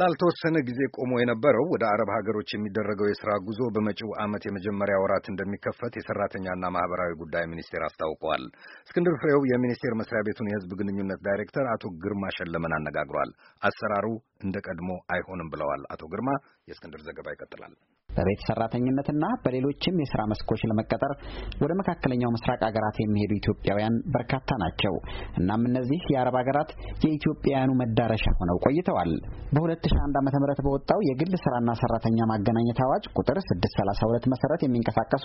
ላልተወሰነ ጊዜ ቆሞ የነበረው ወደ አረብ ሀገሮች የሚደረገው የሥራ ጉዞ በመጪው ዓመት የመጀመሪያ ወራት እንደሚከፈት የሠራተኛና ማኅበራዊ ጉዳይ ሚኒስቴር አስታውቀዋል። እስክንድር ፍሬው የሚኒስቴር መስሪያ ቤቱን የሕዝብ ግንኙነት ዳይሬክተር አቶ ግርማ ሸለመን አነጋግሯል። አሰራሩ እንደ ቀድሞ አይሆንም ብለዋል አቶ ግርማ። የእስክንድር ዘገባ ይቀጥላል። በቤት ሰራተኝነትና በሌሎችም የስራ መስኮች ለመቀጠር ወደ መካከለኛው ምስራቅ ሀገራት የሚሄዱ ኢትዮጵያውያን በርካታ ናቸው። እናም እነዚህ የአረብ ሀገራት የኢትዮጵያውያኑ መዳረሻ ሆነው ቆይተዋል። በ2001 ም በወጣው የግል ስራና ሰራተኛ ማገናኘት አዋጅ ቁጥር 632 መሰረት የሚንቀሳቀሱ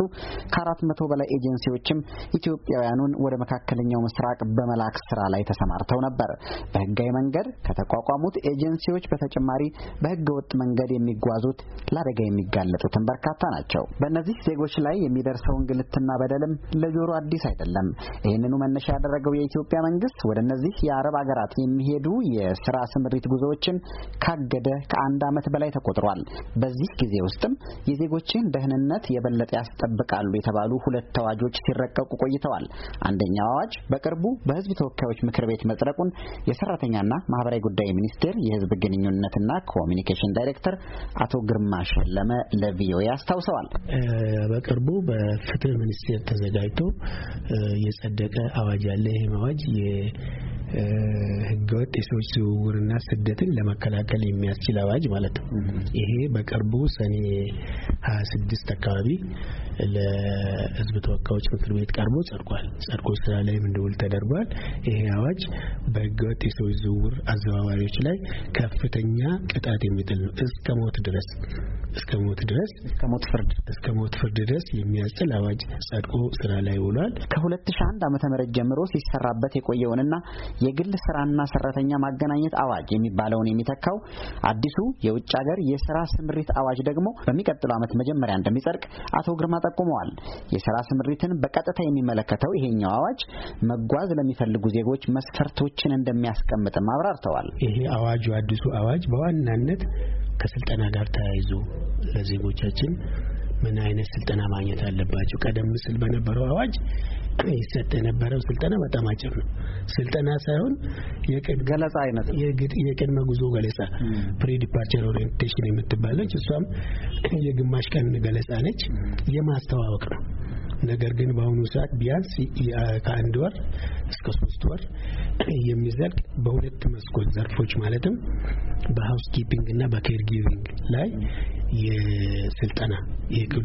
ከአራት መቶ በላይ ኤጀንሲዎችም ኢትዮጵያውያኑን ወደ መካከለኛው ምስራቅ በመላክ ስራ ላይ ተሰማርተው ነበር። በህጋዊ መንገድ ከተቋቋሙት ኤጀንሲዎች ሰዎች በተጨማሪ በህገ ወጥ መንገድ የሚጓዙት ለአደጋ የሚጋለጡትን በርካታ ናቸው። በእነዚህ ዜጎች ላይ የሚደርሰው እንግልትና በደልም ለጆሮ አዲስ አይደለም። ይህንኑ መነሻ ያደረገው የኢትዮጵያ መንግስት ወደ እነዚህ የአረብ አገራት የሚሄዱ የስራ ስምሪት ጉዞዎችን ካገደ ከአንድ ዓመት በላይ ተቆጥሯል። በዚህ ጊዜ ውስጥም የዜጎችን ደህንነት የበለጠ ያስጠብቃሉ የተባሉ ሁለት አዋጆች ሲረቀቁ ቆይተዋል። አንደኛው አዋጅ በቅርቡ በህዝብ ተወካዮች ምክር ቤት መጽረቁን የሰራተኛና ማህበራዊ ጉዳይ ሚኒስቴር የህዝብ ግንኙነትና ኮሚኒኬሽን ዳይሬክተር አቶ ግርማ ሸለመ ለቪኦኤ አስታውሰዋል። በቅርቡ በፍትህ ሚኒስቴር ተዘጋጅቶ የጸደቀ አዋጅ አለ። ይህም አዋጅ ህገወጥ የሰዎች ዝውውርና ስደትን ለመከላከል የሚያስችል አዋጅ ማለት ነው። ይሄ በቅርቡ ሰኔ ሀያ ስድስት አካባቢ ለህዝብ ተወካዮች ምክር ቤት ቀርቦ ጸድቋል። ጸድቆ ስራ ላይም እንዲውል ተደርጓል። ይሄ አዋጅ በህገወጥ የሰዎች ዝውውር አዘዋዋሪዎች ላይ ከፍተኛ ቅጣት የሚጥል ነው። እስከ ሞት ድረስ እስከ ሞት ድረስ እስከ ሞት ፍርድ እስከ ሞት ፍርድ ድረስ የሚያስችል አዋጅ ጸድቆ ስራ ላይ ውሏል። ከሁለት ሺህ አንድ ጀምሮ ሲሰራበት የቆየውንና የግል ስራና ሰራተኛ ማገናኘት አዋጅ የሚባለውን የሚተካው አዲሱ የውጭ ሀገር የስራ ስምሪት አዋጅ ደግሞ በሚቀጥለው ዓመት መጀመሪያ እንደሚጸድቅ አቶ ግርማ ጠቁመዋል። የስራ ስምሪትን በቀጥታ የሚመለከተው ይሄኛው አዋጅ መጓዝ ለሚፈልጉ ዜጎች መስፈርቶችን እንደሚያስቀምጥም አብራርተዋል። ይሄ አዋጁ አዲሱ አዋጅ በዋናነት ከስልጠና ጋር ተያይዞ ለዜጎቻችን ምን አይነት ስልጠና ማግኘት አለባቸው። ቀደም ሲል በነበረው አዋጅ ይሰጥ የነበረው ስልጠና በጣም አጭር ነው። ስልጠና ሳይሆን ገለጻ አይነት የቅድመ ጉዞ ገለጻ ፕሪ ዲፓርቸር ኦሪንቴሽን የምትባለች እሷም የግማሽ ቀን ገለጻ ነች። የማስተዋወቅ ነው። ነገር ግን በአሁኑ ሰዓት ቢያንስ ከአንድ ወር እስከ ሶስት ወር የሚዘልቅ በሁለት መስኮት ዘርፎች ማለትም በሃውስ ኪፒንግ እና በኬር ጊቪንግ ላይ የስልጠና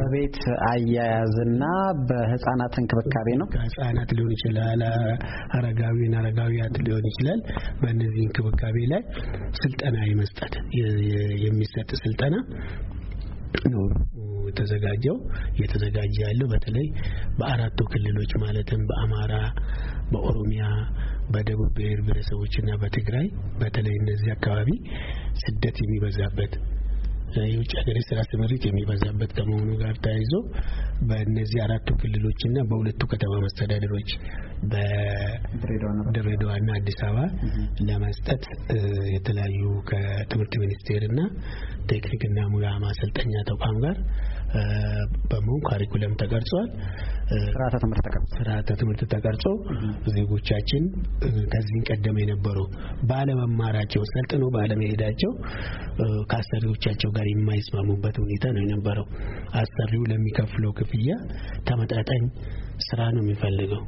በቤት አያያዝና በህጻናት እንክብካቤ ነው። ህጻናት ሊሆን ይችላል፣ አረጋዊን አረጋዊያት ሊሆን ይችላል። በእነዚህ እንክብካቤ ላይ ስልጠና የመስጠት የሚሰጥ ስልጠና ነው የተዘጋጀው እየተዘጋጀ ያለው በተለይ በአራቱ ክልሎች ማለትም በአማራ፣ በኦሮሚያ፣ በደቡብ ብሔር ብሔረሰቦችና በትግራይ በተለይ እነዚህ አካባቢ ስደት የሚበዛበት የውጭ ሀገር የስራ ስምሪት የሚበዛበት ከመሆኑ ጋር ተያይዞ በእነዚህ አራቱ ክልሎችና በሁለቱ ከተማ መስተዳደሮች ና አዲስ አበባ ለመስጠት የተለያዩ ከትምህርት ሚኒስቴርና ቴክኒክና ሙያ ማሰልጠኛ ተቋም ጋር በመሆን ካሪኩለም ተቀርጿል። ስርዓተ ትምህርት ተቀርጾ ስርዓተ ትምህርት ተቀርጾ ዜጎቻችን ከዚህ ቀደም የነበሩ ባለመማራቸው ሰልጥኖ ባለመሄዳቸው ከአሰሪዎቻቸው ጋር የማይስማሙበት ሁኔታ ነው የነበረው። አሰሪው ለሚከፍለው ክፍያ ተመጣጣኝ ስራ ነው የሚፈልገው።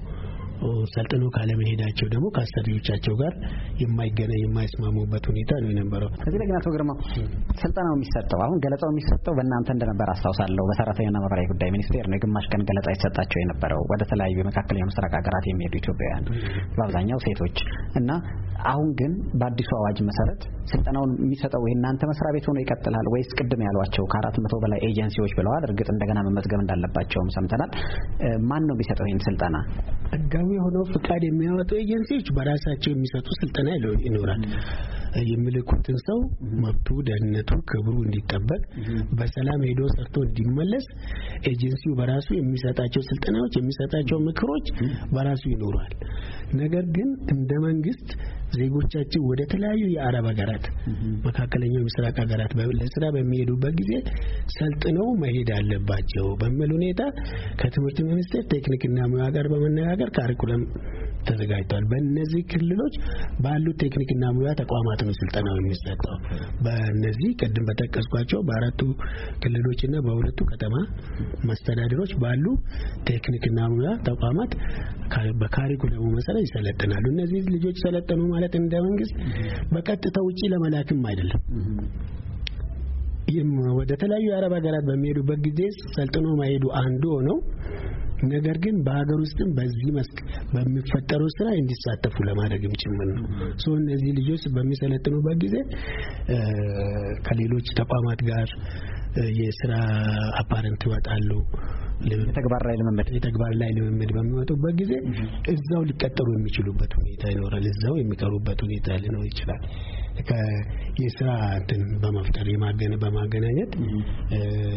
ሰልጥኖ ካለመሄዳቸው ደግሞ ከአሰሪዎቻቸው ጋር የማይገነ የማይስማሙበት ሁኔታ ነው የነበረው። ከዚህ ላይ ግን አቶ ግርማ ስልጠናው የሚሰጠው አሁን ገለጻው የሚሰጠው በእናንተ እንደነበር አስታውሳለሁ። በሰራተኛና ማህበራዊ ጉዳይ ሚኒስቴር ነው የግማሽ ቀን ገለጻ ይሰጣቸው የነበረው ወደ ተለያዩ የመካከለኛ ምስራቅ ሀገራት የሚሄዱ ኢትዮጵያውያን በአብዛኛው ሴቶች እና አሁን ግን በአዲሱ አዋጅ መሰረት ስልጠናውን የሚሰጠው የእናንተ መስሪያ ቤት ሆኖ ይቀጥላል ወይስ ቅድም ያሏቸው ከአራት መቶ በላይ ኤጀንሲዎች ብለዋል። እርግጥ እንደገና መመዝገብ እንዳለባቸውም ሰምተናል። ማን ነው የሚሰጠው ይህን ስልጠና? ቋሚ ሆነው ፍቃድ የሚያወጡ ኤጀንሲዎች በራሳቸው የሚሰጡ ስልጠና ይኖራል። የሚልኩትን ሰው መብቱ፣ ደህንነቱ፣ ክብሩ እንዲጠበቅ በሰላም ሄዶ ሰርቶ እንዲመለስ ኤጀንሲው በራሱ የሚሰጣቸው ስልጠናዎች፣ የሚሰጣቸው ምክሮች በራሱ ይኖራል። ነገር ግን እንደ መንግስት ዜጎቻችን ወደ ተለያዩ የአረብ ሀገራት፣ መካከለኛው ምስራቅ ሀገራት ለስራ በሚሄዱበት ጊዜ ሰልጥነው መሄድ አለባቸው በሚል ሁኔታ ከትምህርት ሚኒስቴር ቴክኒክና ሙያ ጋር በመነጋገር ካሪኩለም ተዘጋጅቷል። በእነዚህ ክልሎች ባሉ ቴክኒክና ሙያ ተቋማት ነው ስልጠናው የሚሰጠው። በእነዚህ ቅድም በጠቀስኳቸው በአራቱ ክልሎችና በሁለቱ ከተማ መስተዳድሮች ባሉ ቴክኒክና ሙያ ተቋማት በካሪኩለሙ መሰረት ይሰለጥናሉ። እነዚህ ልጆች ሰለጠኑ ማለት እንደ መንግስት በቀጥታ ውጪ ለመላክም አይደለም ወደ ተለያዩ የአረብ ሀገራት በሚሄዱበት ጊዜ ሰልጥኖ ማሄዱ አንዱ ሆነው ነገር ግን በሀገር ውስጥም በዚህ መስክ በሚፈጠረው ስራ እንዲሳተፉ ለማድረግም ጭምር ነው። ሶ እነዚህ ልጆች በሚሰለጥኑበት ጊዜ ከሌሎች ተቋማት ጋር የስራ አፓረንት ይወጣሉ። የተግባር ላይ ልምምድ የተግባር ላይ ልምምድ በሚወጡበት ጊዜ እዛው ሊቀጠሩ የሚችሉበት ሁኔታ ይኖራል። እዛው የሚቀሩበት ሁኔታ ሊኖር ይችላል። የስራ እንትን በመፍጠር የማገነ በማገናኘት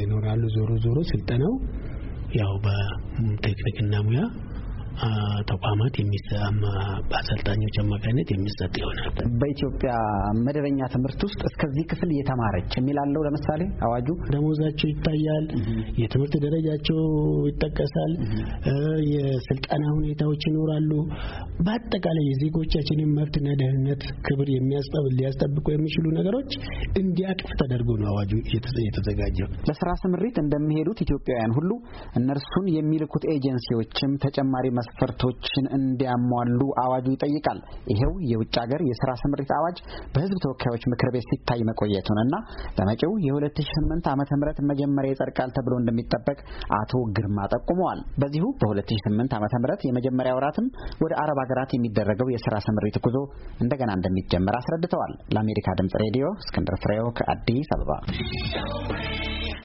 ይኖራሉ። ዞሮ ዞሮ ስልጠናው ያው በቴክኒክና ሙያ ተቋማት በአሰልጣኞች አማካኝነት የሚሰጥ ይሆናል። በኢትዮጵያ መደበኛ ትምህርት ውስጥ እስከዚህ ክፍል እየተማረች የሚላለው ለምሳሌ አዋጁ ደሞዛቸው ይታያል፣ የትምህርት ደረጃቸው ይጠቀሳል፣ የስልጠና ሁኔታዎች ይኖራሉ። በአጠቃላይ የዜጎቻችንን መብትና ደህንነት ክብር ሊያስጠብቁ የሚችሉ ነገሮች እንዲያቅፍ ተደርጎ ነው አዋጁ የተዘጋጀው። ለስራ ስምሪት እንደሚሄዱት ኢትዮጵያውያን ሁሉ እነርሱን የሚልኩት ኤጀንሲዎችም ተጨማሪ መስ መስፈርቶችን እንዲያሟሉ አዋጁ ይጠይቃል። ይሄው የውጭ ሀገር የስራ ስምሪት አዋጅ በህዝብ ተወካዮች ምክር ቤት ሲታይ መቆየቱንና በመጪው የ2008 ዓመተ ምህረት መጀመሪያ ይጸድቃል ተብሎ እንደሚጠበቅ አቶ ግርማ ጠቁመዋል። በዚሁ በ2008 ዓ ም የመጀመሪያ ወራትም ወደ አረብ ሀገራት የሚደረገው የስራ ስምሪት ጉዞ እንደገና እንደሚጀመር አስረድተዋል። ለአሜሪካ ድምጽ ሬዲዮ እስክንድር ፍሬው ከአዲስ አበባ